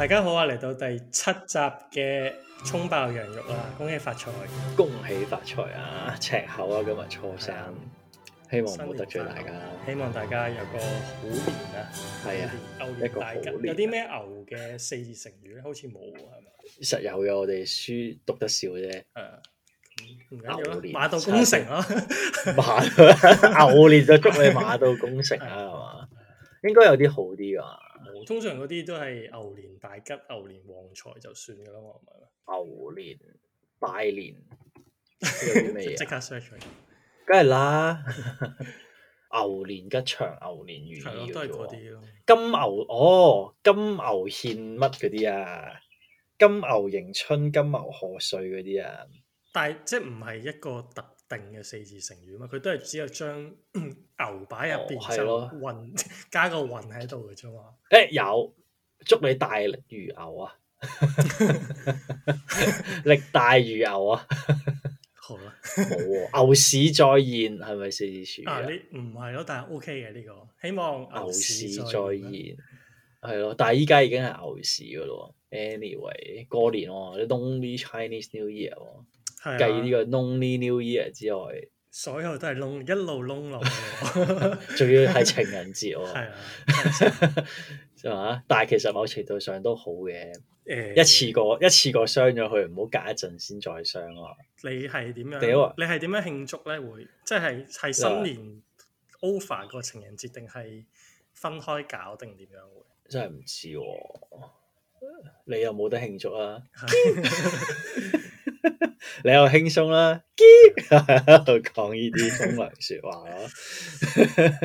大家好啊！嚟到第七集嘅沖爆羊肉啊，恭喜發財！恭喜發財啊！赤口啊，今日初三，啊、希望唔好得罪大家。希望大家有個好年啊！係啊，一個有啲咩牛嘅四字成語咧，好似冇啊？實有嘅，我哋書讀得少啫、啊。嗯，牛、嗯、年、啊、馬到功成咯，馬牛年就祝你馬到功成啊，係嘛？應該有啲好啲啊。 通常嗰啲都係牛年大吉、牛年旺財就算噶啦，嘛，唔係牛年拜年，即刻 search，梗係啦， 牛年吉祥、牛年如意，都係嗰啲咯。金牛哦，金牛獻乜嗰啲啊？金牛迎春、金牛賀歲嗰啲啊？但係即係唔係一個特。定嘅四字成語嘛，佢都係只有將牛擺入邊，加個雲喺度嘅啫嘛。誒，有祝你大力如牛啊，力大如牛啊。好啦，牛市再現係咪四字詞啊？你唔係咯，但係 OK 嘅呢個，希望牛市再現係咯。但係依家已經係牛市噶咯。Anyway，過年喎，你冬啲 Chinese New Year 喎。計呢、啊、個 Lonely New Year 之外，所有都係燶，一路燶落，仲 要係情人節喎。係啊，係嘛、啊？ 但係其實某程度上都好嘅、欸，一次過一次過傷咗佢，唔好隔一陣先再傷咯、啊。你係點樣？吧你係點樣慶祝咧？會即係係新年 over 個情人節定係分開搞定點樣會？真係唔知喎，你又冇得慶祝啊？ 你又輕鬆啦，講呢啲風涼說話咯。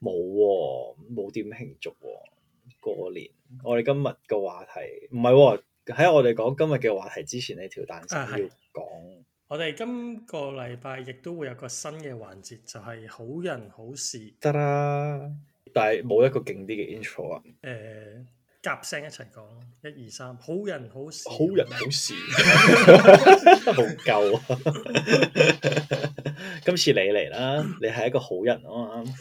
冇冇點慶祝、哦、過年？我哋今日嘅話題唔係，喺我哋講今日嘅話題之前，呢條彈先要講、啊。我哋今個禮拜亦都會有個新嘅環節，就係、是、好人好事得啦，但係冇一個勁啲嘅 intro 啊。嗯夾聲一齊講一二三，1, 2, 3, 好人好事、啊，好人好事，好夠啊！ 足啊 今次你嚟啦，你係一個好人啊嘛，嗯、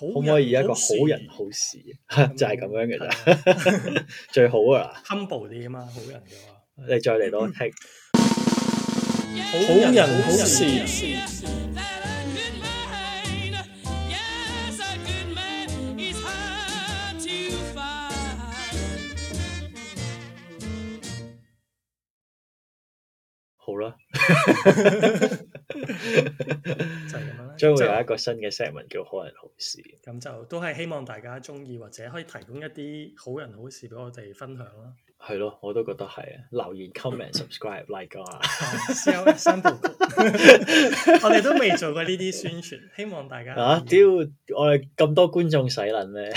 可唔可以一個好人好事、啊？嗯、就係咁樣嘅咋？嗯嗯、 最好啊！humble 啲啊嘛，好人嘅話， 你再嚟多聽，嗯、好人好人好事、啊。好啦， 就係咁樣啦。將會有一個新嘅 segment 叫好人好事。咁 就都係希望大家中意，或者可以提供一啲好人好事俾我哋分享咯。係咯，我都覺得係啊。留言、comment、subscribe、like 啊，share 生活。 我哋都未做過呢啲宣傳，希望大家啊，屌，我哋咁多觀眾洗撚咩，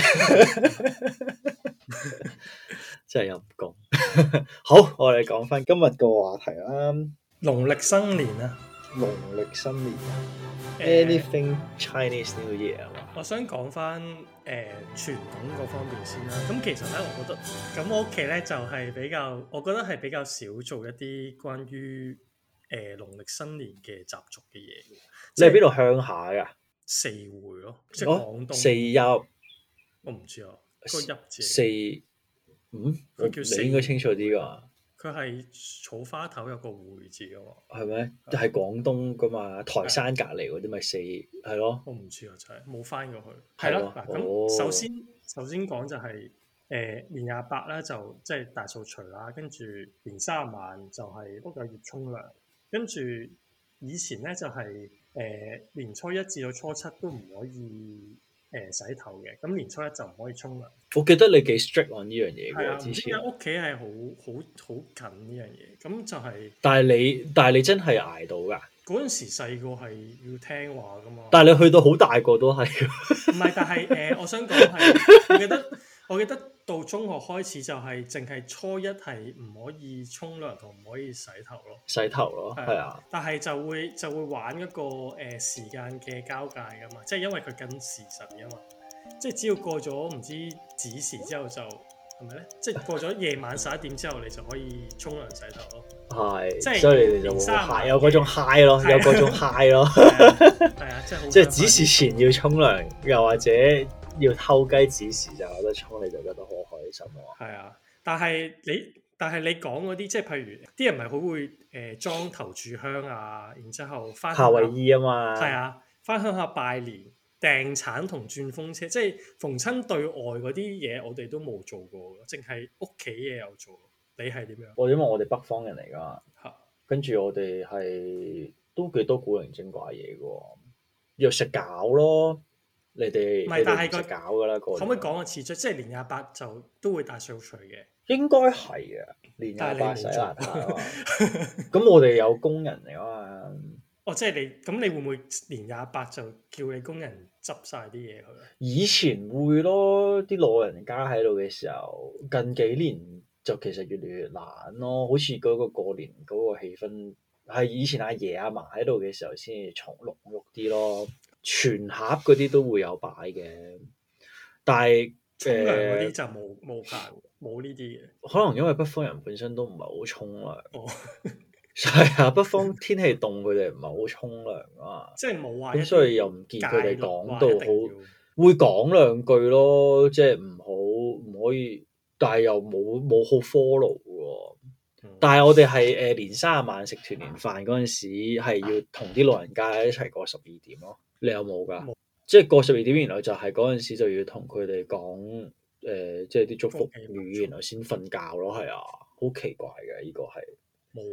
真係有唔講。 好，我哋講翻今日個話題啦。農曆新年啊！農曆新年啊！Anything Chinese New Year 啊！我想講翻誒傳統嗰方面先啦。咁其實咧，我覺得咁我屋企咧就係比較，我覺得係比較少做一啲關於誒農曆新年嘅習俗嘅嘢。你係邊度鄉下噶？四會咯，即係廣東四邑。我唔知哦，個邑字四嗯，佢叫你應該清楚啲噶。佢係草花頭有個回字嘅喎，係咪嗎？係是廣東噶嘛？台山隔離嗰啲咪四係咯？我唔知啊，就係冇翻過去。係咯嗱，咁首先、哦、首先講就係、是、誒、呃、年廿八啦，就即係大掃除啦，跟住年三十晚就係碌柚葉沖涼，跟住以前咧就係、是、誒、呃、年初一至到初七都唔可以。誒，洗頭嘅，咁年初一就唔可以沖涼。我記得你幾 strict on 呢樣嘢嘅，的之前屋企係好好好緊呢樣嘢，咁就係、是。但係你，但係你真係挨到噶。嗰陣時細個係要聽話噶嘛。但係你去到好大個都係。唔 係，但係誒、呃，我想講係，我記得，我記得。到中學開始就係淨係初一係唔可以沖涼同唔可以洗頭咯，洗頭咯，係啊。但係就會就會玩一個誒時間嘅交界噶嘛，即係因為佢跟時辰噶嘛，即係只要過咗唔知子時之後就係咪咧？即係過咗夜晚十一點之後，你就可以沖涼洗頭咯。係，即係所以你哋就嗨有嗰種 high 咯，有種 high 咯，係啊，即係即係子時前要沖涼，又或者要偷雞子時就得沖你就得多。係啊，但係你但係你講嗰啲，即係譬如啲人咪好會誒裝、呃、頭柱香啊，然之後翻夏威夷啊嘛，係啊，翻鄉下拜年掟橙同轉風車，即係逢親對外嗰啲嘢，我哋都冇做過，淨係屋企嘢有做。你係點樣？我因為我哋北方人嚟噶，跟住我哋係都幾多古靈精怪嘢噶，又食餃咯。你哋唔係，搞㗎喇，但係佢可唔可以講個次序？即係年廿八就都會大掃除嘅，應該係啊。年廿八洗邋遢！咁我哋有工人嚟啊嘛。哦，即係你咁，你會唔會年廿八就叫你工人執晒啲嘢去？以前會咯，啲老人家喺度嘅時候，近幾年就其實越嚟越難咯。好似嗰個過年嗰個氣氛，係以前阿爺阿嫲喺度嘅時候先重濃郁啲咯。全盒嗰啲都會有擺嘅，但係沖涼嗰啲就冇冇冇呢啲嘢，可能因為北方人本身都唔係好沖涼，係啊，北方天氣凍，佢哋唔係好沖涼啊。即係冇話咁，所以又唔見佢哋講到好，會講兩句咯。即係唔好唔可以，但係又冇冇好 follow 喎、嗯。但係我哋係誒年卅晚食團年飯嗰陣時、啊啊，係要同啲老人家一齊過十二點咯。你有冇噶有、呃、即係過十二點，然後就係嗰陣時就要同佢哋講誒，即係啲祝福語，然後先瞓覺咯，係啊，好奇怪嘅呢、這個係，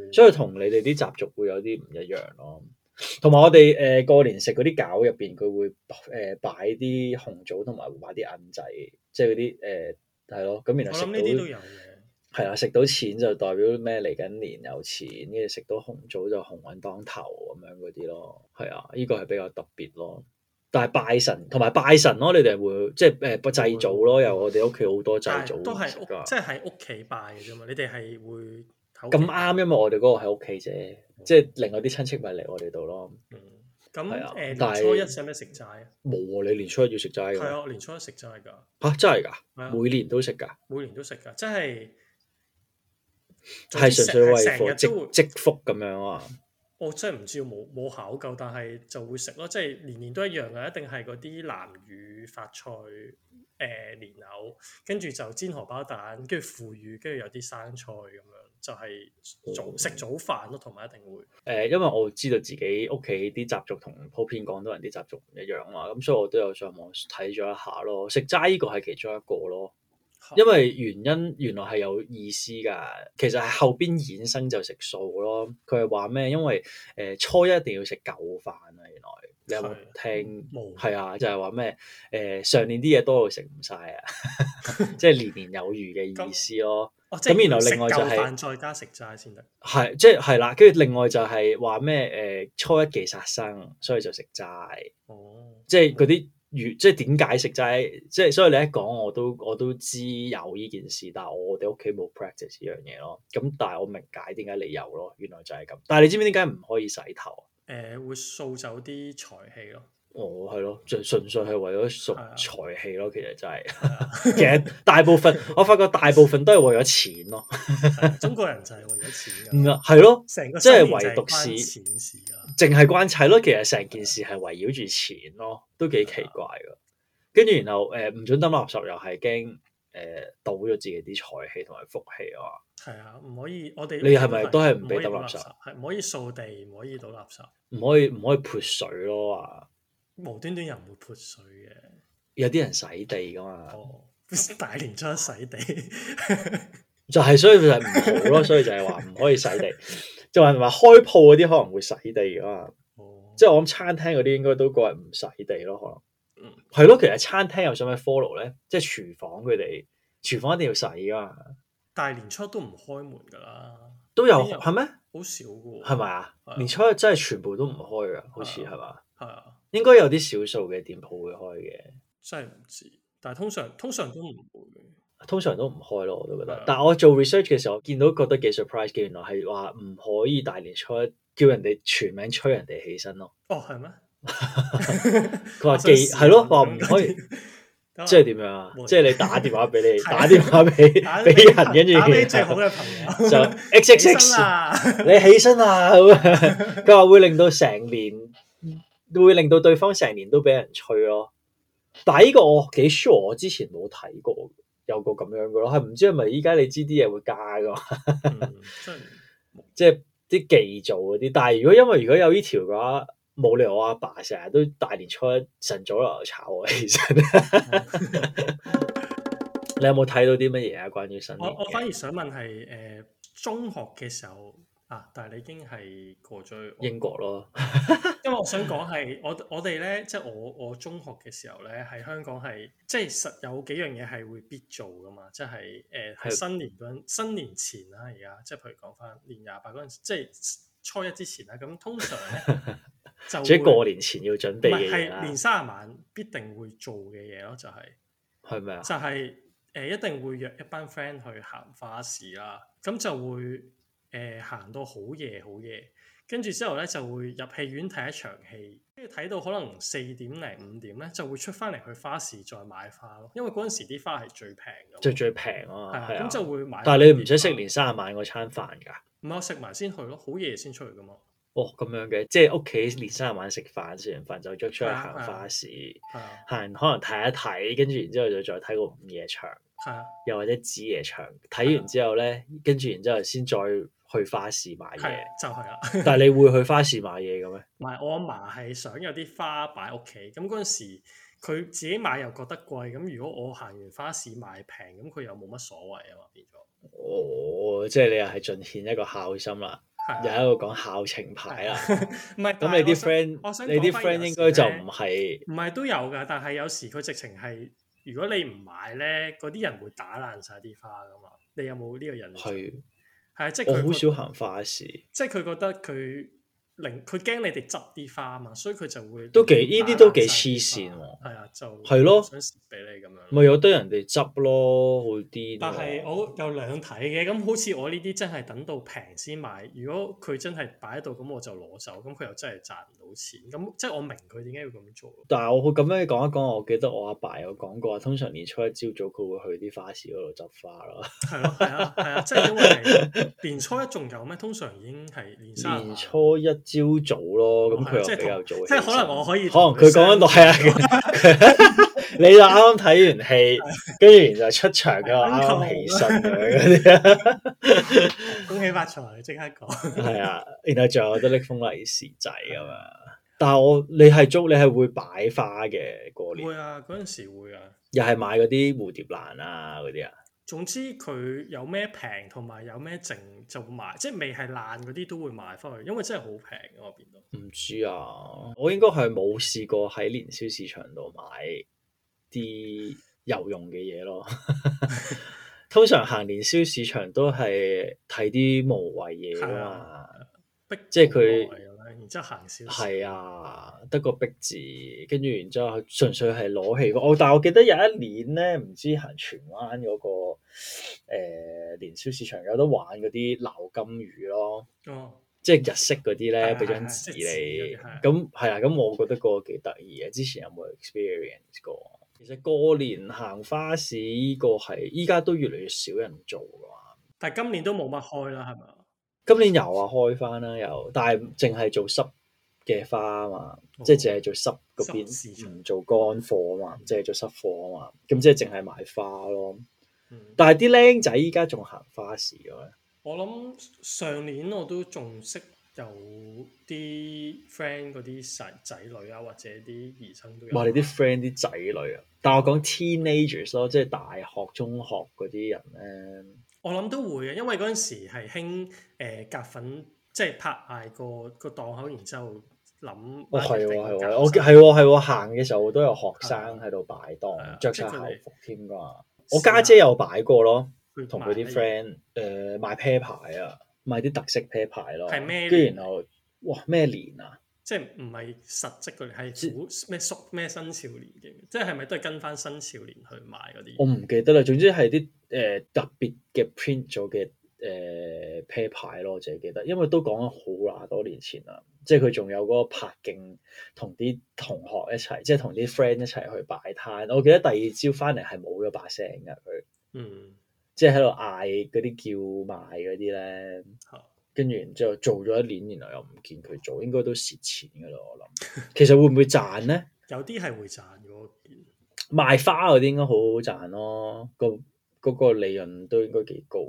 有所以同你哋啲習俗會有啲唔一樣咯。同埋我哋誒、呃、過年食嗰啲餃入邊，佢會誒、呃、擺啲紅棗，同埋擺啲銀仔，即係嗰啲誒係咯。咁然後食到。係啊，食到錢就代表咩？嚟緊年有錢嘅，食到紅棗就鴻運當頭咁樣嗰啲咯。係啊，呢個係比較特別咯。但係拜神同埋拜神咯，你哋會即係誒個祭祖咯。又我哋屋企好多祭祖，都係即係喺屋企拜嘅啫嘛。你哋係會咁啱，因為我哋嗰個喺屋企啫，即係另外啲親戚咪嚟我哋度咯。咁係啊。年初一食咩？食齋啊？冇啊！你年初一要食齋噶。係啊，年初一食齋噶。吓，真係噶，每年都食噶，每年都食噶，真係。係純粹為成日都積福咁樣啊！ 我真係唔知冇冇考究，但係就會食咯，即係年年都一樣嘅，一定係嗰啲南乳髮菜，誒蓮藕，跟住就煎荷包蛋，跟住腐乳，跟住有啲生菜咁樣，就係、是、早食、嗯、早飯咯，同埋一定會誒，因為我知道自己屋企啲習俗同普遍廣東人啲習俗唔一樣嘛，咁所以我都有上網睇咗一下咯，食齋呢個係其中一個咯。因為原因原來係有意思噶，其實係後邊衍生就食素咯。佢係話咩？因為誒、呃、初一一定要食舊飯啊。原來你有冇聽？係、嗯就是呃、啊，就係話咩？誒上年啲嘢多到食唔晒啊，即係年年有餘嘅意思咯。咁然後另外就係、飯、再加食齋先得。係即係係啦，跟住另外就係話咩？誒、呃、初一忌殺生，所以就食齋。哦，即係嗰啲。如即係點解釋就係即係，所以你一講我都我都知有呢件事，但係我哋屋企冇 practice 呢樣嘢咯。咁但係我明解點解理由咯，原來就係咁。但係你知唔知點解唔可以洗頭？誒、呃，會掃走啲財氣咯。我係咯，純純粹係為咗屬財氣咯，的其實就係，的其實大部分的我發覺大部分都係為咗錢咯。中國人就係為咗錢。唔啊的，係咯，成個即係唯獨是錢事啊，淨係關砌咯。其實成件事係圍繞住錢咯，都幾奇怪嘅。跟住的然後誒，唔、呃、准抌垃，垃圾又係驚誒倒咗自己啲財氣同埋福氣啊。係啊，唔可以，我哋你係咪都係唔俾抌垃圾？係唔可以掃地，唔可，可，可，可以倒垃，垃圾，唔可以唔可以潑水咯啊！無端端又唔會潑水嘅，有啲人洗地噶嘛？哦，大年初一洗地 就係，所以就係唔好咯。所以就係話唔可以洗地。就係話開鋪嗰啲可能會洗地噶嘛、啊。哦、即係我諗餐廳嗰啲應該都個人唔洗地咯。可能嗯係咯，其實餐廳有想咪 follow 咧，即係廚房佢哋廚房一定要洗噶嘛、啊。大年初一都唔開門噶啦，都有係咩？好少嘅喎，係咪啊？吧的年初一真係全部都唔開噶，好似係嘛？係啊。 應該有啲少數嘅店鋪會開嘅，真係唔知。但係通常，通常都唔會。通常都唔開咯，我都覺得。但係我做 research 嘅時候，見到覺得幾 surprise 嘅，原來係話唔可以大年初一叫人哋全名催人哋起身咯。哦，係咩？佢話記係咯，話唔可以。即係點樣啊？即係你打電話俾你，打電話俾俾人，跟住叫最好嘅朋友就 XXX，你起身啊！佢話會令到成年。會令到對方成年都俾人催咯，但係呢個我幾 sure，我之前冇睇過，有個咁樣嘅咯，係唔知係咪依家你知啲嘢會加噶嘛？ 嗯、即係啲技造嗰啲，但係如果因為如果有呢條嘅話，冇理由我阿爸成日都大年初一晨早來炒我起身。你有冇睇到啲乜嘢啊？關於晨我我反而想問係誒、呃、中學嘅時候。啊！但係你已經係過咗英國咯， 因為我想講係我我哋咧，即係我我中學嘅時候咧，喺香港係即係實有幾樣嘢係會必做噶嘛，即係誒喺新年嗰陣，新年前啦，而家即係譬如講翻年廿八嗰陣時，即係初一之前啦，咁通常呢 就即會過年前要準備嘅嘢啦，年卅晚必定會做嘅嘢咯，嗎就係係咪啊？就係誒，一定會約一班 friend 去行花市啦，咁就會。誒，行到好夜好夜，跟住之後咧就會入戲院睇一場戲，跟住睇到可能四點零五點咧，就會出翻嚟去花市再買花咯。因為嗰陣時啲花係最平嘅，就最平啊。係啊，咁、嗯啊、就會買但。但係你唔想食年卅萬卅晚嗰餐飯噶。唔係我食埋先去咯，好夜先出去噶嘛。哦，咁樣嘅，即係屋企年卅晚食飯，食完飯就出出去行花市，啊啊、行、啊、可能睇一睇，跟住然之後就再睇個午夜場，係啊，又或者子夜場，睇完之後咧，跟住、啊、然之後先再，再。去花市買嘢就係啦，但係你會去花市買嘢嘅咩？唔係，我阿嫲係想有啲花擺屋企。咁嗰陣時，佢自己買又覺得貴。咁如果我行完花市買平，咁佢又冇乜所謂啊嘛，變咗。哦，即係你又係盡顯一個孝心啦，又喺度講孝情牌啦。唔係，咁你啲 friend，你啲 friend 應該就唔係。唔係都有㗎，但係有時佢直情係，如果你唔買咧，嗰啲人會打爛晒啲花㗎嘛。你有冇呢個人？去？係，即係佢好少行花市，即係佢覺得佢。佢驚你哋執啲花嘛，所以佢就會都幾呢啲都幾黐線喎。係啊，就係咯，想食俾你咁樣。咪有得人哋執咯，好啲。但係我有兩睇嘅，咁好似我呢啲真係等到平先買。如果佢真係擺喺度，咁我就攞走。咁佢又真係賺唔到錢。咁即係我明佢點解要咁做。但係我會咁樣講一講，我記得我阿爸有講過，通常年初一朝早佢會去啲花市嗰度執花咯。係 咯，係啊，係啊，即係因為年初一仲有咩？通常已經係年初一。朝早咯，咁佢、哦、又比較早起身。即係可能我可以。可能佢講緊耐係啊，你又啱啱睇完戲，跟住 就出場嘅話，啱啱起身嘅恭喜發財，即刻講。係啊，然後仲 有啲拎封利是仔咁啊。但係我你係租，你係會擺花嘅過年。 會啊，嗰陣時會㗎。又係買嗰啲蝴蝶蘭啊，嗰啲啊。總之佢有咩平同埋有咩剩就買，即係未係爛嗰啲都會買翻去，因為的真係好平嘅嗰邊都。唔知啊，我應該係冇試過喺年宵市場度買啲有用嘅嘢咯。 通常行年宵市場都係睇啲無謂嘢啊嘛，啊即係佢。然之後行小係啊，得個逼字，跟住然之後純粹係攞氣。我、哦、但係我記得有一年咧，唔知行荃灣嗰、那個誒年宵市場有得玩嗰啲撈金魚咯，哦、即係日式嗰啲咧，俾張紙你咁係啊。咁、啊啊啊你啊、我覺得個幾得意嘅。之前有冇 experience 過？其實過年行花市呢個係依家都越嚟越少人做噶、啊。但係今年都冇乜開啦，係咪？今年又話開翻啦，又，但係淨係做濕嘅花啊嘛，即係淨係做濕嗰件事，唔做乾貨啊嘛，即係做濕貨啊嘛，咁即係淨係買花咯。嗯、但係啲靚仔依家仲行花市嘅咩？我諗上年我都仲識有啲 friend 嗰啲細仔女啊，或者啲兒生都有、啊。話你啲 friend 啲仔女啊，嗯、但係我講 teenagers 咯，即係大學、中學嗰啲人咧。我諗都會啊，因為嗰陣時係興誒夾粉，即係拍賣，個個檔口，然之後諗、哦啊啊。我係我係我行嘅時候都有學生喺度擺檔，着晒、啊、校服添噶。嗯啊、我家姐，姐有擺過咯，同佢啲 friend 誒賣了、呃、啤牌啊，賣啲特色啤牌咯。係咩？跟住然後，哇！咩年啊？即係唔係實質佢係好咩？縮咩？新少年嘅？即係咪都係跟翻新少年去買嗰啲？我唔記得啦，總之係啲誒特別嘅 print 咗嘅 pair 牌咯，我就係記得，因為都講咗好喇多年前啦。即係佢仲有嗰個拍勁，同啲同學一齊，即係同啲 friend 一齊去擺攤。我記得第二朝翻嚟係冇咗把聲㗎佢，嗯，即係喺度嗌嗰啲叫賣嗰啲咧。嗯。跟住，然之後做咗一年，然後又唔見佢做，應該都蝕錢噶啦。我諗，其實會唔會賺咧？有啲係會賺嘅，如果賣花嗰啲應該好好賺咯。個、那、嗰個利潤都應該幾高。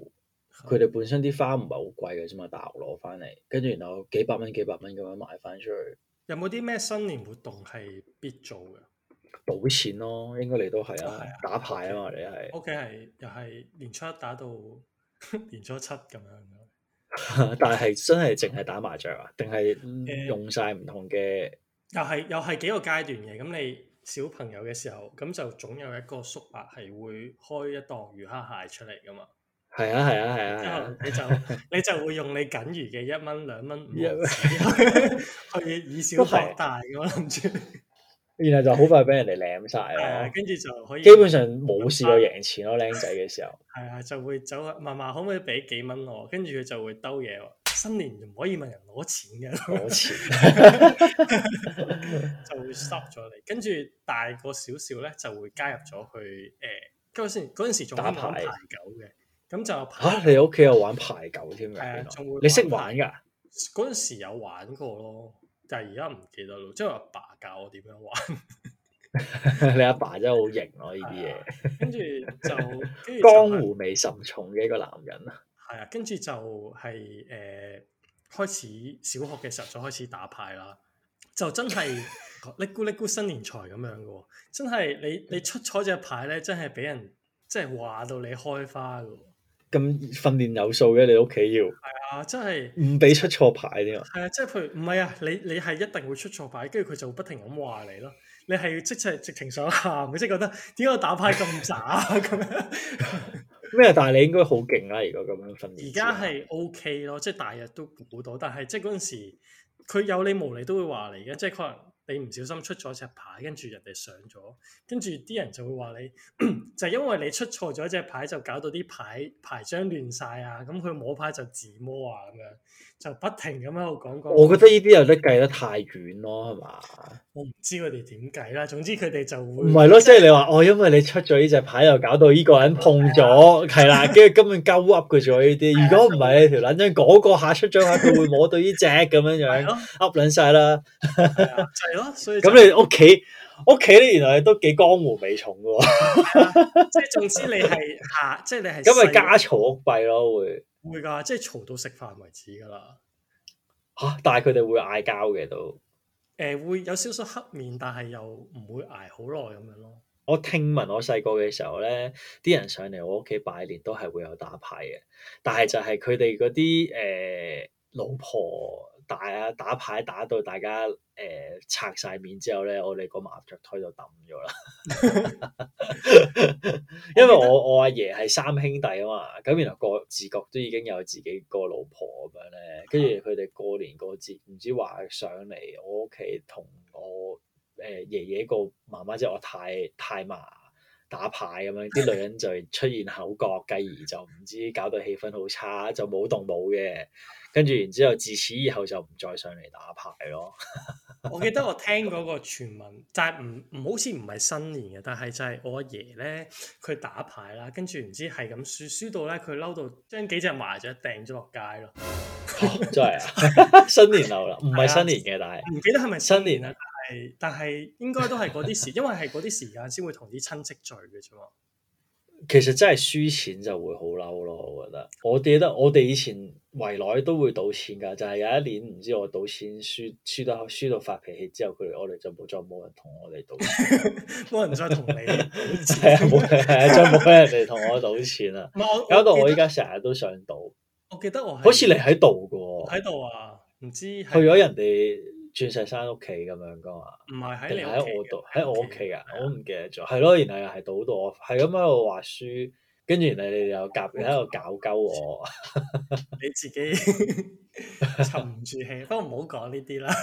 佢哋的本身啲花唔係好貴嘅啫嘛，大陸攞翻嚟，跟住然後幾百蚊、幾百蚊咁樣賣翻出去。有冇啲咩新年活動係必做嘅？賭錢咯，應該你都係啊，的打牌啊嘛，你係。屋企係又係年初一打到年初七咁樣。 但係真係淨係打麻雀啊？定係用晒唔同嘅、呃？又係又係幾個階段嘅。咁你小朋友嘅時候，咁就總有一個叔伯係會開一檔魚蝦蟹出嚟噶嘛。係 啊係啊係啊之、啊啊啊、後你就 你就會用你僅餘嘅一蚊兩蚊五去以小博是大，大我諗住。然後就好快俾人哋舐晒，啦、啊，跟住就可以基本上冇試過贏錢咯，僆仔嘅時候係啊，就會走去嫲嫲可唔可以俾幾蚊我？跟住佢就會兜嘢。新年唔可以問人攞錢嘅，攞錢就會 stop 咗你。跟住大個少少咧，就會加入咗去誒。跟先嗰陣時仲打牌九嘅，咁就嚇、啊、你屋企有玩牌九添㗎？仲、啊、會你識玩㗎？嗰陣、啊、時有玩過咯。但而家唔記得咯，即係阿爸，爸教我點樣玩。 你阿爸，爸真係好型咯，呢啲嘢。跟 住就，跟住、 江湖味甚重嘅一個男人啊。係啊、就是，跟住就係誒開始小學嘅時候，就開始打牌啦。就真係叻咕叻咕新年財咁樣嘅喎，真係你你出彩隻牌咧，真係俾人即係話到你開花嘅。咁訓練有素嘅，你屋企要係啊，真係唔俾出錯牌呢個，係是啊，即係譬如唔係啊，你你係一定會出錯牌，跟住佢就會不停咁話你咯，你係即係直情想喊嘅，即係覺得點解我打牌咁渣咁樣咩？ 但係你應該好勁啦，而家咁樣訓練，而家係 OK 咯，即係大日都估到，但係即係嗰陣時佢有理無理都會話你嘅，即係可能。你唔小心出咗隻牌，跟住人哋上咗，跟住啲人就會話你， 就係、因為你出錯咗一隻牌，就搞到啲牌牌張亂晒啊！咁、嗯、佢摸牌就自摸啊咁樣。就不停咁喺度講講，我覺得呢啲又得計得太遠咯，係嘛？我唔知佢哋點計啦，總之佢哋就會唔係咯，即係你話哦，因為你出咗呢隻牌，又搞到呢個人碰咗，係啦，跟住根本勾 up 嘅咗呢啲。如果唔係條捻張嗰個下出咗，下，佢會摸到呢隻咁樣樣，up 捻晒啦。係咯，所以咁你屋企屋企咧，原來都幾江湖味重嘅。即係總之你係吓，即係你係。咁咪家嘈屋閉咯，會。會噶，即係嘈到食飯為止噶啦。吓、啊，但係佢哋會嗌交嘅都。誒、欸，會有少少黑面，但係又唔會挨好耐咁樣咯。我聽聞我細個嘅時候咧，啲人上嚟我屋企拜年都係會有打牌嘅，但係就係佢哋嗰啲誒老婆。大啊！打牌打到大家誒、呃、拆晒面之後咧，我哋個麻雀台就揼咗啦。因為我 我阿記爺係三兄弟啊嘛，咁原來個自覺都已經有自己個老婆咁樣咧，跟住佢哋過年過節唔知話上嚟我屋企同我誒、呃、爺爺個媽媽即係我太太嫲打牌咁樣，啲女人就出現口角，繼而就唔知搞到氣氛好差，就冇動冇嘅。跟住然之後，自此以後就唔再上嚟打牌咯。我記得我聽過嗰個傳聞，就係唔唔好似唔係新年嘅，但係就係我阿爺咧，佢打牌啦，跟住唔知係咁輸輸到咧，佢嬲到將幾隻麻雀掟咗落街咯。真係啊，新年流啦，唔係新年嘅，但係唔記得係咪新年啦年，但係但係應該都係嗰啲時， 因為係嗰啲時間先會同啲親戚聚嘅啫。其實真係輸錢就會好嬲咯，我覺得。我記得我哋以前圍內都會賭錢噶，就係、是、有一年唔知我賭錢輸，輸到輸到發脾氣之後，佢哋我哋就冇再冇人同我哋賭錢，冇 人再同你，係 啊，冇係 人哋同我賭錢啦。搞到我依家成日都想賭。我記得我,我,記得我好似你喺度噶。喺度啊？唔知去咗人哋。鑽石山屋企咁樣噶嘛？唔係喺你，定係喺我度？喺我屋企噶，的我都唔記得咗。係咯，然後又係賭到我，係咁喺度話輸，跟住然後你哋又夾喺度搞鳩我。你自己沉唔 住氣，不過唔 好講呢啲啦。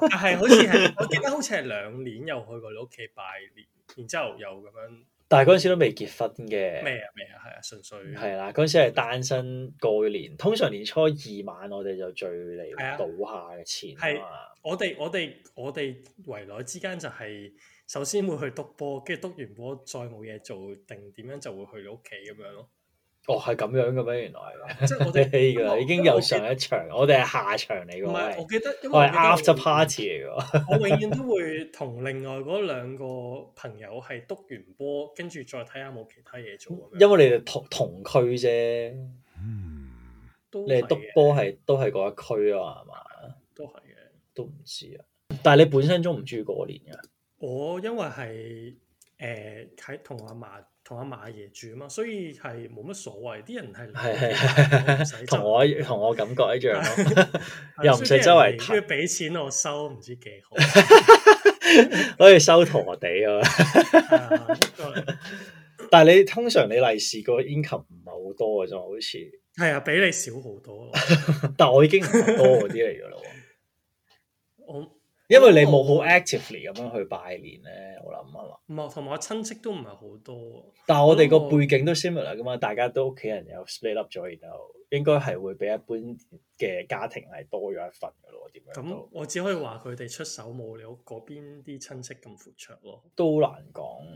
但係好似係，我記得好似係兩年又去過你屋企拜年，然之後又咁樣。但係嗰陣時都未結婚嘅，咩啊咩啊，係啊，純粹係啦。嗰陣時係單身過年，通常年初二晚我哋就聚嚟賭下嘅錢。係啊，我哋我哋我哋圍內之間就係首先會去篤波，跟住篤完波再冇嘢做定點樣就會去到屋企咁樣咯。哦，係咁樣嘅咩？原來，原來即係我哋呢個已經有上一場，我哋係下場嚟嘅。唔係，我記得因為我係 after party 嚟嘅。 我永遠都會同另外嗰兩個朋友係篤完波，跟住再睇下冇其他嘢做。因為你哋同同區啫，嗯，你哋篤波係都係嗰一區啊，係嘛？都係嘅，都唔知啊。但係你本身中唔中意過年嘅？啊。我因為係誒喺同阿嫲。同阿嫲阿爺住啊嘛，所以係冇乜所謂。啲人係係係，唔使同我同我感覺一樣咯。 又唔使周圍睇。如果俾錢我收唔知幾好，可以收陀地啊。 但係你通常你利是個 income 唔係好多嘅啫，好似係啊，比你少好多。但我已經唔多嗰啲嚟嘅咯。我。因為你冇好 actively 咁樣去拜年咧，我諗啊嘛。唔係，同埋我親戚都唔係好多。但係我哋個背景都 similar 㗎嘛，大家都屋企人有 split up 咗，然後應該係會比一般嘅家庭係多咗一份嘅咯。點樣？咁我只可以話佢哋出手冇你嗰邊啲親戚咁闊綽咯。都難講。我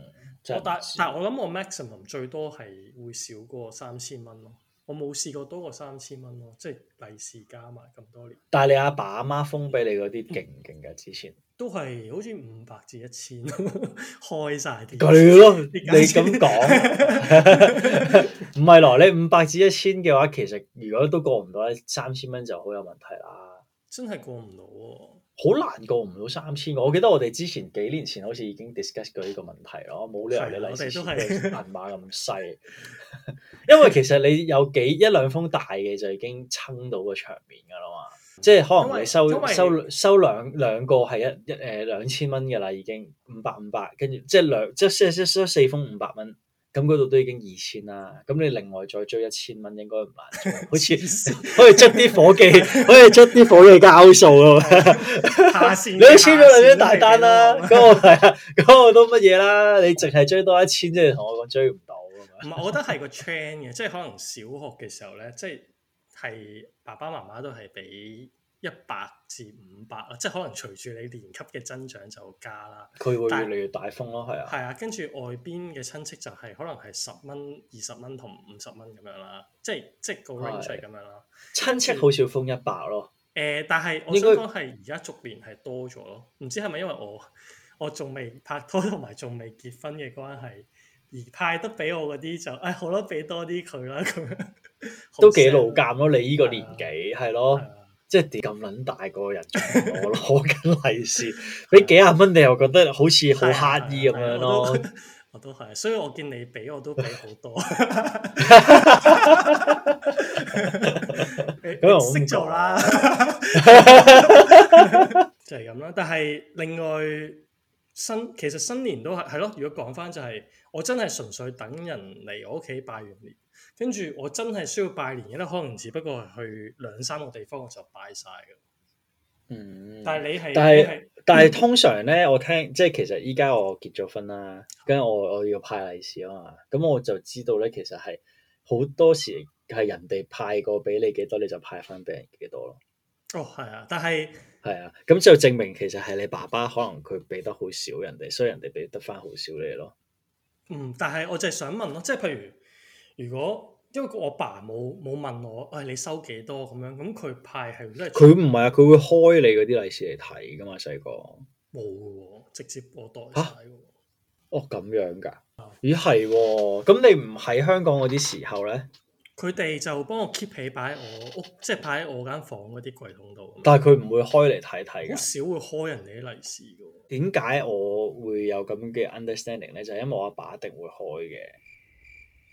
但但係我諗我 maximum 最多係會少過三千蚊咯。我冇試過多過三千蚊咯，即係利是加埋咁多年。但係你阿爸阿媽封俾你嗰啲勁唔勁㗎？之前都係好似五百至一千開晒啲。佢咯、啊， 你咁講唔係咯？你五百至一千嘅話，其實如果都過唔到三千蚊就好有問題啦。真係過唔到、啊。好難過唔到三千個，我記得我哋之前幾年前好似已經 discuss 過呢個問題咯，冇理由呢樣嘅例子，銀碼咁細。 因為其實你有幾一兩封大嘅就已經撐到個場面噶啦嘛，即係可能你收為收收，收兩兩個係一一誒兩千蚊噶啦已經，五百五百跟住即係兩即係即係即係四封五百蚊。咁嗰度都已經二千啦，咁你另外再追一千蚊應該唔難，好似可以出啲伙計， 可以出啲伙計加歐數咯。 你都超咗兩張大單啦，咁我係啊，咁我、 嗰個、都乜嘢啦？你淨係追多一千，即係同我講追唔到。唔係，我覺得係個 train 嘅，即係可能小學嘅時候咧，即係係爸爸媽媽都係俾。一百至五百啊，即係可能隨住你年級嘅增長就加啦。佢會越嚟越大封但咯，係啊。係啊，跟住外邊嘅親戚就係可能係十蚊、二十蚊同五十蚊咁樣啦，即係即係個 range 咁樣咯。親戚好少封一百咯。誒，但係我想講係而家逐年係多咗咯，唔應該 知係咪因為我我仲未拍拖同埋仲未結婚嘅關係，而派得俾我嗰啲就誒、哎、好啦，俾多啲佢啦咁樣。都幾老尷咯，你呢個年紀係咯。的即係點，咁撚大個人我，我攞緊利是俾幾廿蚊，你又覺得好似好刻意咁樣咯、 嗯嗯嗯嗯嗯嗯。我都係，所以我見你俾，我都俾好多。咁我識做啦，嗯、 就係咁啦。但係另外新，其實新年都係係咯。如果講翻就係、是，我真係純粹等人嚟我屋企拜完年。跟住我真係需要拜年，嘅，啲可能只不過去兩三個地方我就拜晒㗎。嗯，但係你係，但係是是但係通常咧，嗯、我聽即係其實依家我結咗婚啦，跟住我我要派利是啊嘛，咁我就知道咧，其實係好多時係人哋派過俾你幾多，你就派翻俾人幾多咯。哦，係啊，但係係啊，咁就證明其實係你爸爸可能佢俾得好少人哋，所以人哋俾得翻好少你咯。嗯，但係我就係想問咯，即係譬如。如果因為我爸冇冇問我，誒、哎、你收幾多咁樣，咁佢派係都係佢唔係啊，佢會開你嗰啲利是嚟睇㗎嘛，細個冇喎，直接我代嚇、啊、哦咁樣㗎。的咦係喎，咁你唔喺香港嗰啲時候咧，佢哋就幫我 keep 起擺我屋，即係擺喺我間房嗰啲櫃桶度。但係佢唔會開嚟睇睇，好少會開人哋啲利是嘅。點解我會有咁嘅 understanding 咧？就係、是、因為我阿爸一定會開嘅。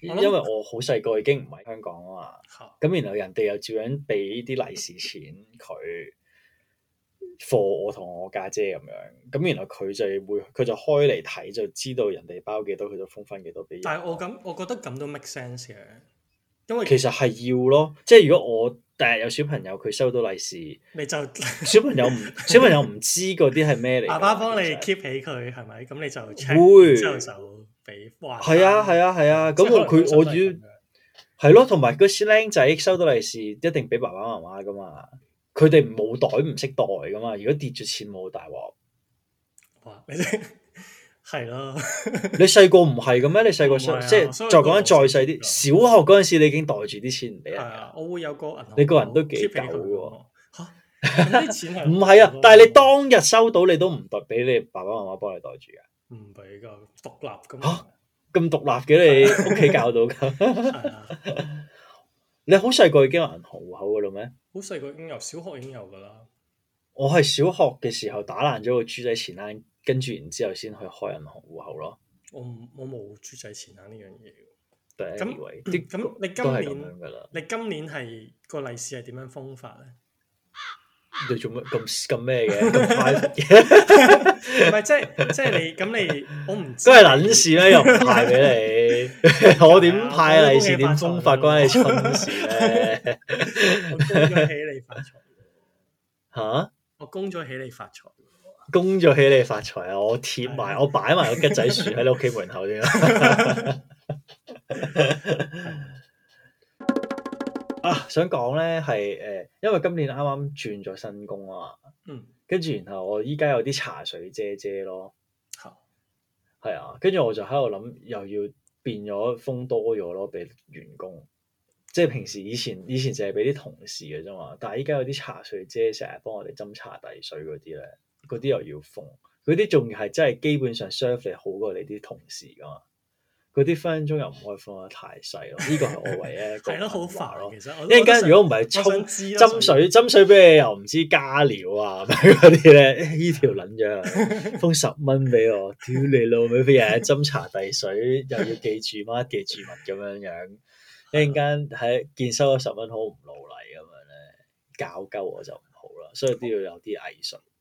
因為我好細個已經唔喺香港啊嘛，咁、嗯、然後人哋又照樣俾啲利是錢佢 for 我同我家姐咁樣，咁然後佢就會佢就開嚟睇就知道人哋包幾多佢就封翻幾多俾。但係我咁我覺得咁都 make sense 嘅，因為其實係要咯，即係如果我誒有小朋友佢收到利是，咪你就小朋友唔 小朋友唔知嗰啲係咩嚟，爸爸幫你 keep 起佢係咪？咁實你就 check 之會後就。俾，係啊係啊係啊，咁佢、嗯、我要係咯，同埋個僆仔收到利是，一定俾爸爸媽媽噶嘛。佢哋冇袋唔識袋噶嘛。如果跌住錢冇大鑊，哇，咪先係咯。你細個唔係咁咩？你細個即係再講再細啲，小學嗰陣時你已經袋住啲錢唔俾人、啊。我會有個銀行，你個人都幾狗嘅。吓啲、 啊、錢係唔係啊？但係你當日收到你都唔袋俾你爸爸媽媽幫你袋住嘅。唔比較獨立噶嘛？吓，咁獨立嘅，你屋企教到噶？ 你好細個已經有銀行戶口噶啦咩？好細個已經有，小學已經有噶啦。我係小學嘅時候打爛咗個豬仔錢罌，跟住然之後先去開銀行戶口咯。我我冇豬仔錢罌呢樣嘢嘅。咁咁你今年係、嗰個利是係點樣封法咧？你做乜咁咁咩嘅？咁快嘅？唔 係、即係，即係即係你咁你，我唔知。 都係捻事咩？又唔派俾你，我點派利是？點封法關你蠢事咧？恭喜你發財！吓？我恭咗起你發財，恭咗起你發財啊！我貼埋，我擺埋個桔仔樹喺你屋企門口先。 啊，想講咧係誒，因為今年啱啱轉咗新工啊，嗯，跟住然後我依家有啲茶水姐姐咯，係、嗯，係啊，跟住我就喺度諗又要變咗封多咗咯，俾員工，即係平時以前以前淨係俾啲同事嘅啫嘛，但係依家有啲茶水姐成日幫我哋斟茶遞水嗰啲咧，嗰啲又要封，嗰啲仲要係真係基本上 service 好過你啲同事噶嘛。嗰啲分鐘又唔可以放得太細咯，呢個係我唯一係咯好煩咯。一陣間如果唔係沖汁斟水斟水俾你又唔知加料啊嗰啲咧，呢條撚樣封十蚊俾我，屌你老味！日日斟茶遞水又要記住乜記住物咁樣樣，一陣間喺見收咗十蚊好唔努力咁樣咧，搞鳩我就唔好啦，所以都要有啲藝術。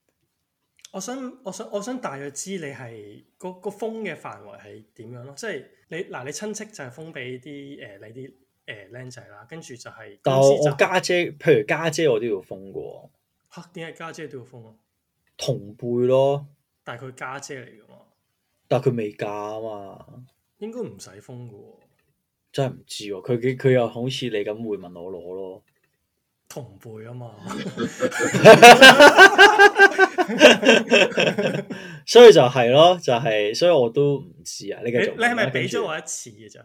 我想我想我想大約知你係個封嘅範圍係點樣咯，即係你嗱你親戚就係封俾啲誒你啲誒僆仔啦，跟、呃、住、呃、就係、係。但我家姐，姐，譬如家姐，姐，我都要封噶。嚇、啊！點解家姐都要封啊？同輩咯，但佢家姐嚟噶嘛？但佢未嫁啊嘛？應該唔使封噶。真係唔知喎，佢佢又好似你咁會問我攞咯。同輩啊嘛。呵呵 所以就係咯，就係，是，所以我都唔知啊。你繼續，你係咪俾咗我一次嘅啫？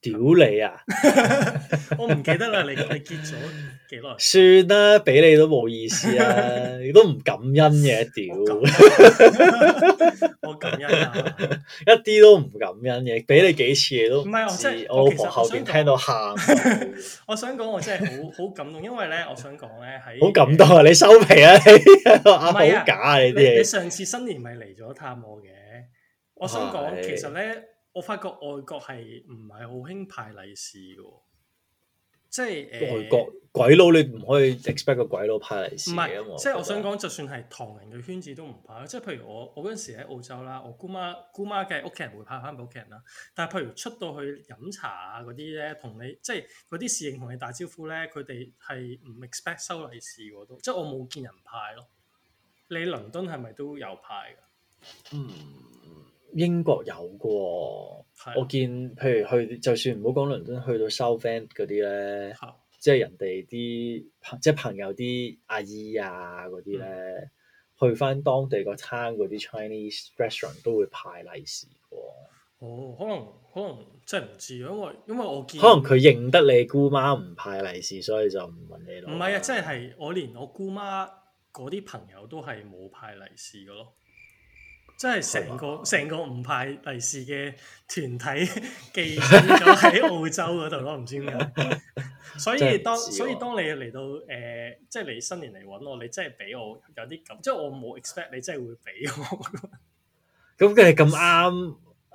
屌你啊！我唔記得啦，你你結咗幾耐？算啦，俾你都冇意思啊！你都唔感恩嘅，屌！我感恩啊，一啲都唔感恩嘅，俾你幾次你都唔係，我真我老婆後邊聽到喊。我想講，我真係好好感動，因為咧，我想講咧喺好感動啊！你收皮啊，你阿叔好假啊！你啲嘢！你上次新年咪嚟咗探我嘅，我想講其實咧。我發覺外國係唔係好興派利是嘅，即係外國鬼佬你唔可以 expect 個鬼佬派利是唔係。即係我想講，就算係唐人嘅圈子都唔派。即係譬如我我嗰陣時喺澳洲啦，我姑媽姑媽嘅屋企人會派翻俾屋企人啦。但係譬如出到去飲茶啊嗰啲咧，同你即係嗰啲侍應同你打招呼咧，佢哋係唔 expect 收利是嘅都。即係我冇見人派咯。你倫敦係咪都有派噶？嗯。英國有嘅，的我見譬如去，就算唔好講倫敦，去到 Southend 嗰啲咧，即係人哋啲即係朋友啲阿姨啊嗰啲咧，嗯、去翻當地個餐嗰啲 Chinese restaurant 都會派利是嘅。哦，可能可能真係唔知，因為因為我見可能佢認得你姑媽唔派利是，所以就唔問你咯。唔係啊，即係係我連我姑媽嗰啲朋友都係冇派利是嘅咯。真係成個成 個唔派利是嘅團體寄咗喺澳洲嗰度咯，唔 知點解。 所以當 所以當你嚟到誒，即係你新年嚟揾我，你真係俾我有啲感覺，即係我冇 expect 你真係會俾我。咁梗係咁啱。.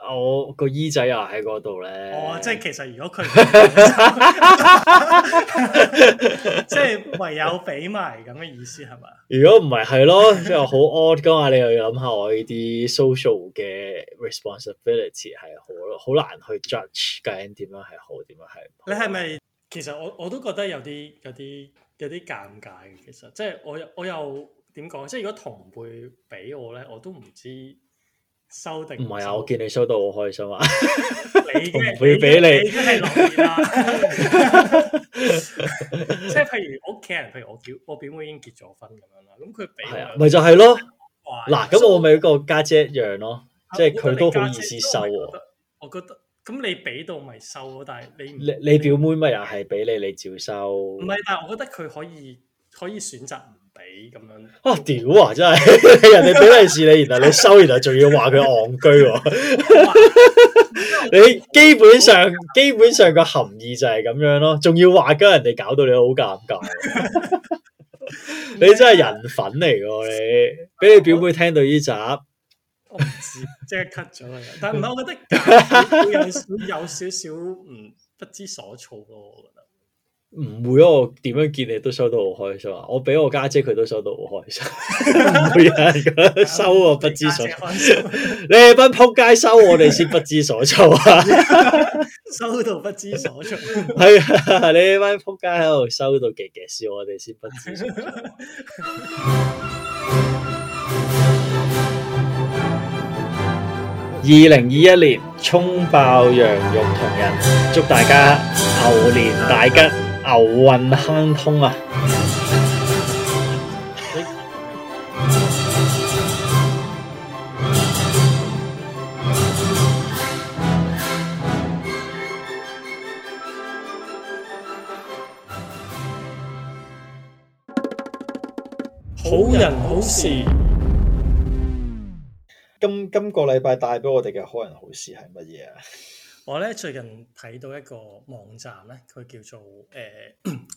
我個姨仔又喺嗰度咧，哦，即係其實如果佢， 即係唯有俾埋咁嘅意思係嘛？如果唔係係咯，即係好 odd 噶嘛？你又要諗下我呢啲 social 嘅 responsibility 係好，好難去 judge 究竟點樣係好，點樣係唔好？你係咪其實我我都覺得有啲有啲有啲尷尬嘅？其實即係我我又點講？即係如果同輩俾我咧，我都唔知。收定唔係啊？我見你收到好開心啊！ 你唔會俾你，已經係啦。即係譬如屋企人，譬如我表我表妹已經結咗婚咁樣啦。咁佢俾，係啊，咪就係咯。嗱，咁我咪個家姐一樣咯，即係佢都好意思收喎啊。我覺得咁你俾到咪收咯，但係你你表妹咪又係俾你，你照收。唔係，但係我覺得佢可以可以選擇。咁樣啊屌啊！真係人哋俾利是你，然後 你收完、啊，然後仲要話佢戇居， 你基本上基本上個含義就係咁樣咯，仲要話將人哋搞到你好尷尬， 你真係人粉嚟噶 你，俾我你表妹聽到呢集，我唔知即刻 cut 咗佢，但唔係，我覺得有少少唔不知所措噶，唔會啊！我點樣見你都收到好開心，我俾我家姐佢都收到好開心。唔會啊！收我不知所措。你班撲街收我哋先不知所措啊！收到不知所措、 啊，係你班撲街喺度，收到激嘅笑，我哋先不知所措。二零二一年沖爆羊肉同人。祝大家牛年大吉！牛運亨通啊！ 好人好事。今今個禮拜帶俾我哋嘅好人好事係乜嘢啊？ 我咧，最近睇到一個網站咧，佢叫做誒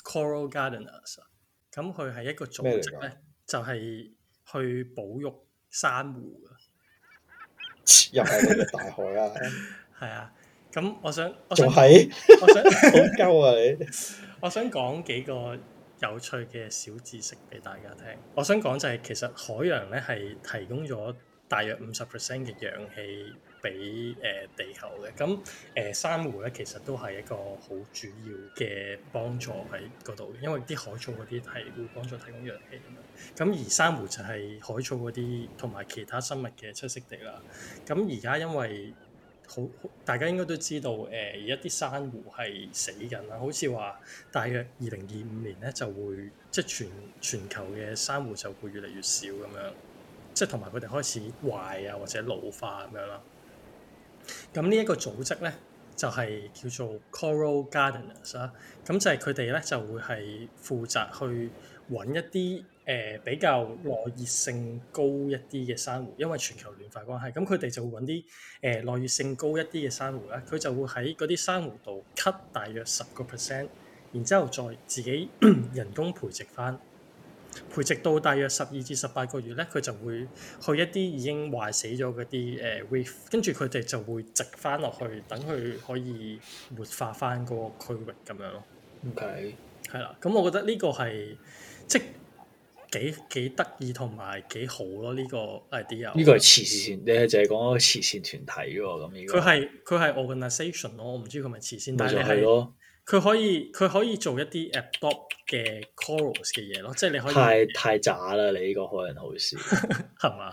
Coral Gardeners。咁佢係一個組織咧，麼就係去保育珊瑚。 又係一個大海、 嗯、啊！係啊，咁我想我想在我想好鳩啊！你 我想講 好 幾個有趣嘅小知識俾大家聽。我想講就係，其實海洋咧係提供咗大約五十 percent 嘅氧氣。俾誒、呃、地球嘅，咁誒珊瑚咧，其實都係一個好主要嘅幫助喺嗰度，因為啲海草嗰啲係會幫助提供氧氣。咁而珊瑚就係海草嗰啲同埋其他生物嘅棲息地啦。咁而家因為好，好，大家應該都知道而家啲珊瑚係死緊啦，好似話大約二零二五年咧就會即係全全球嘅珊瑚就會越嚟越少咁樣，即係同埋佢哋開始壞啊或者老化咁樣啦。咁呢一個組織咧就係、是、叫做 Coral Gardeners 啦、啊，咁就係佢哋咧就會係負責去揾一啲誒、呃、比較耐熱性高一啲嘅珊瑚，因為全球暖化關係，咁佢哋就會揾啲誒耐熱性高一啲嘅珊瑚咧，佢就會喺嗰啲珊瑚度吸大約十個 percent，然之後再自己 人工培植翻。培植到大約十二至十八個月咧，佢就會去一啲已經壞死咗嗰啲誒，跟住佢哋就會直翻落去，等佢可以活化翻嗰個區域咁樣咯。OK，係啦、嗯，咁我覺得呢個係即係幾幾得意同埋幾好咯，呢個 idea。呢個係慈善，你係就係講一個慈善團體喎。咁依個佢係佢係 organization 咯，我唔知佢咪慈善，但係佢可以佢可以做一啲 adopt 嘅 corals h 嘅嘢咯，即係你可以太太渣啦！你呢個好人好事係嘛？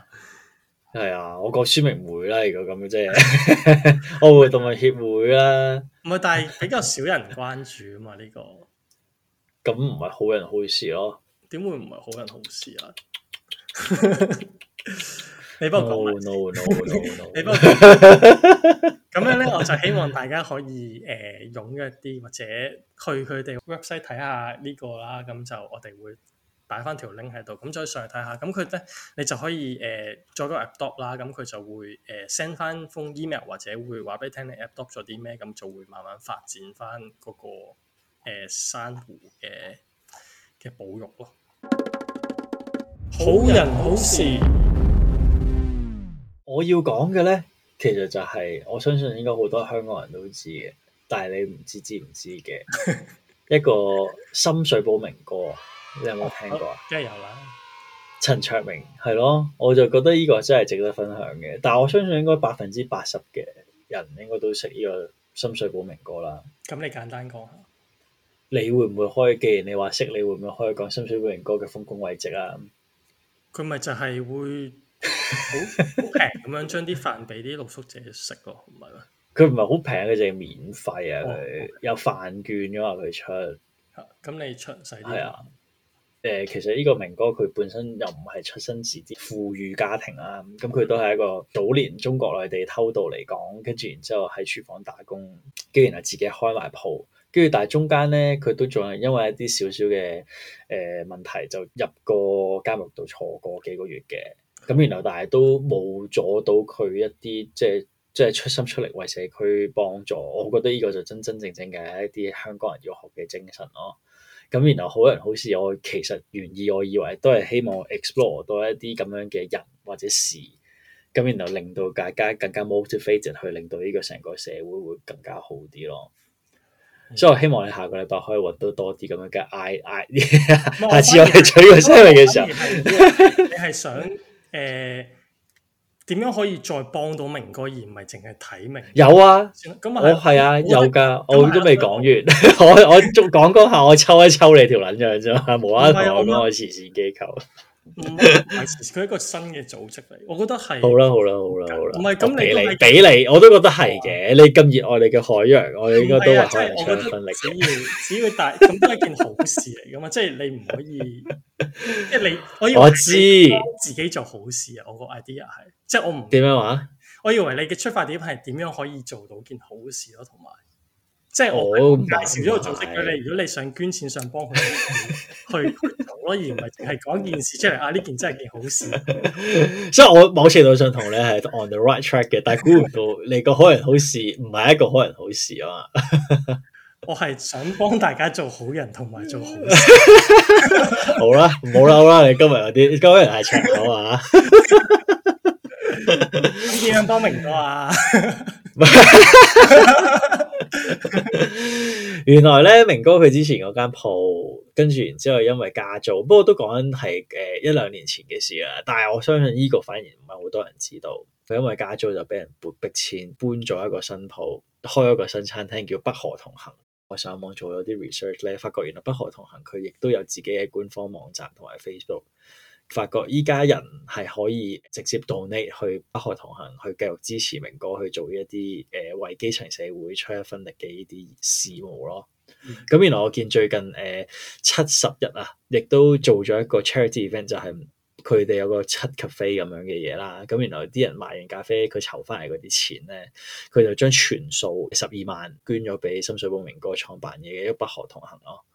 係啊。 吧、哎，我個宣明會啦，如果咁嘅即係，哦 動物協會啦，唔係，但係比較少人關注啊嘛，呢、 這個咁唔係好人好事咯？點 會唔係好人好事啊？ 你幫我講埋，你幫我講。咁樣咧，我就希望大家可以誒，用一啲或者去佢哋 website 睇下呢個啦。咁就我哋會擺翻條 link 喺度，咁再上嚟睇下。咁佢咧，你就可以誒，再個 adopt 啦。咁佢就會誒 send 翻封 email 或者會話俾你聽你 adopt 咗啲咩，咁就會慢慢發展翻嗰個誒珊瑚嘅嘅保育咯。好人好事。我要講嘅呢，其實就係、是、我相信應該好多香港人都知嘅，但係你唔知知唔知嘅 一個深水埗名歌，你有冇聽過啊？梗係 有啦，陳卓明係咯，我就覺得呢個真係值得分享嘅。但係我相信應該百分之八十嘅人應該都識呢個深水埗名歌啦。咁 你簡單講下，你會唔會開？既然你話識，你會唔會開講深水埗名歌嘅豐功偉績啊？佢咪就係會。好好平咁樣將啲飯俾啲露宿者食咯，唔係佢唔係好平，佢淨係免費啊，哦 okay。啊。佢有飯券咁啊，佢出咁你出唔使係啊？誒，其實呢個明哥佢本身又唔係出身自啲富裕家庭啦。咁佢都係一個早年中國內地偷渡嚟講，跟住然之後喺廚房打工，居然係自己開埋鋪，跟住但係中間咧，佢都仲係因為一啲少少嘅誒問題，就入過監獄度坐過幾個月嘅。咁，然後但係都冇阻到佢一啲，即係即係出心出力為社區幫助。我覺得呢個就真真正正嘅一啲香港人要學嘅精神咯。咁，然後好人好事，我其實原意，我以為都係希望 explore 多一啲咁樣嘅人或者事，咁然後令到大家更加 motivated 去令到呢個成個社會會更加好啲咯。嗯、所以我希望你下個禮拜可以會都多啲咁樣嘅嗌嗌，嗯、 下次我哋取個聲嘅時候，嗯、你係想。 誒，點樣可以再幫到明哥，而唔係淨係睇明？有啊，咁啊係啊，有噶，我都未講完，我我仲講嗰下，我抽一抽你條撚樣啫嘛，無啦同我講個慈善機構。唔係，佢係一個新嘅組織嚟，我覺得係。好啦，好啦，好啦，好啦。唔係咁，你俾你，我都覺得係嘅。哇你咁熱愛你嘅海洋，我應該都還可以長本領。只要只要帶，咁都係件好事嚟㗎嘛？即係 你唔可以，即係 你，我以為我知自己做好事啊。我個 idea 係，即係我唔點樣話？我以為你嘅出發點係點樣可以做到件好事咯，同埋。即係我介紹咗個組織俾你，如果你想捐錢想幫佢， 去做咯，而唔係淨係講件事出嚟啊！呢件真係件好事，所以 我某程度上同你係 on the right track 嘅，但係估唔到你個好人好事唔係一個好人好事啊嘛！ 我係想幫大家做好人同埋做好事。 好啦，唔好嬲啦，你今日有啲今日係長手啊？你點樣幫明哥啊？ 原來咧，明哥佢之前嗰間鋪跟住然之後因為加租，不過都講緊係誒一兩年前嘅事啦。但係我相信呢個反而唔係好多人知道，佢因為加租就俾人迫逼遷，搬咗一個新鋪，開咗個新餐廳叫北河同行。我上網做咗啲 research 咧，發覺原來北河同行佢亦都有自己嘅官方網站同埋 Facebook。發覺依家人係可以直接 donate 去北河同行去繼續支持明哥去做一啲誒、呃、為基層社會出一分力嘅呢啲事務咯。咁、嗯、原來我見最近誒七十一啊，亦都做咗一個 charity event，就係佢哋有個七 cafe 咁樣嘅嘢啦。咁原來啲人賣完咖啡，佢籌翻嚟嗰啲錢咧，佢就將全數十二萬捐咗俾深水埗明哥創辦嘅一個北河同行咯。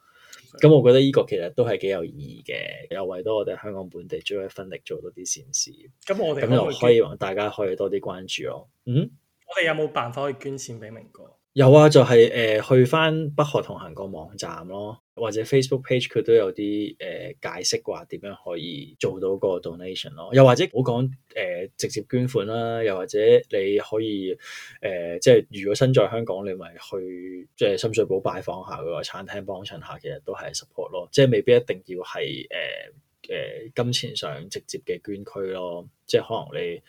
咁、嗯、我覺得呢個其實都係幾有意義嘅，又為到我哋香港本地做一份力，做多啲善事。咁我哋咁又可以，大家可以多啲關注咯。嗯，我哋有冇辦法可以捐錢俾明哥？有啊，就係、是、誒、呃、去翻北河同行個網站咯，或者 Facebook page 佢都有啲誒、呃、解釋話點樣可以做到個 donation 咯，又或者唔好講誒直接捐款啦，又或者你可以誒、呃、即係如果身在香港，你咪去即係深水埗拜訪下嗰個餐廳幫襯下，其實都係 support 咯，即係未必一定要係誒誒金錢上直接嘅捐區咯，即係可能你。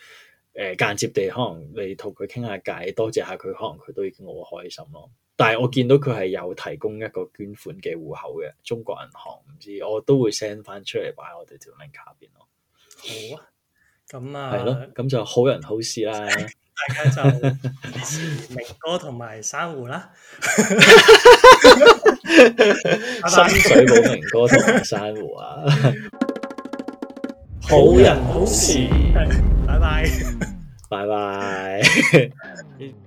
誒、呃，間接地可能你同佢傾下偈，多謝下佢，可能佢都已經好開心咯。但係我見到佢係有提供一個捐款嘅戶口嘅中國銀行，唔知我都會 send 翻出嚟擺喺我哋條 link 卡入邊咯。好啊，咁啊，係咯，咁就好人好事啦。 大家就明哥同埋珊瑚啦， 水山 拜拜 水冇明哥同埋珊瑚啊。 好人好事，拜拜，拜拜。